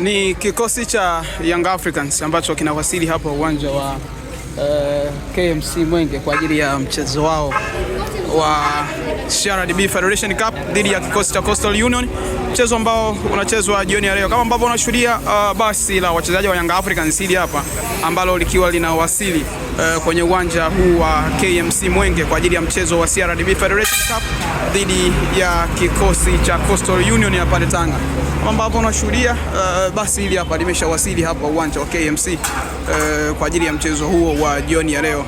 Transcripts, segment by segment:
Ni kikosi cha Young Africans ambacho kinawasili hapa uwanja wa uh, eh, KMC Mwenge kwa ajili ya mchezo wao wa CRDB Federation Cup dhidi ya kikosi cha Coastal Union, mchezo ambao unachezwa jioni ya leo, kama ambavyo unashuhudia uh, basi la wachezaji wa Young Africans hili hapa ambalo likiwa linawasili uh, kwenye uwanja huu wa KMC Mwenge kwa ajili ya mchezo wa CRDB Federation Cup dhidi ya kikosi cha Coastal Union ya pale Tanga, kama ambavyo unashuhudia uh, basi hili hapa limeshawasili hapa uwanja wa KMC uh, kwa ajili ya mchezo huo wa jioni ya leo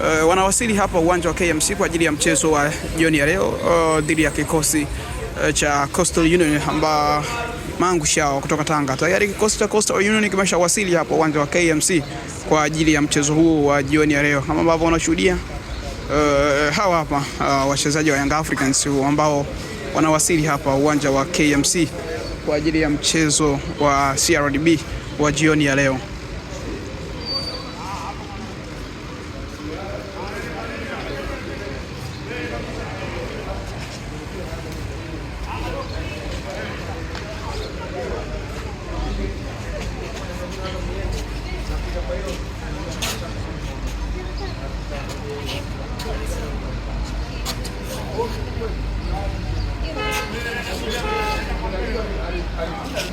uh, wanawasili hapa uwanja wa KMC kwa ajili ya mchezo wa jioni ya leo uh, dhidi ya kikosi uh, cha Coastal Union amba mangushao kutoka Tanga. Tayari kikosi cha Coastal Union kimeshawasili hapa uwanja wa KMC kwa ajili ya mchezo huu wa jioni ya leo kama ambavyo unashuhudia uh, hawa hapa uh, wachezaji wa Young Africans ambao wanawasili hapa uwanja wa KMC kwa ajili ya mchezo wa CRDB wa jioni ya leo.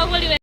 a Oliver.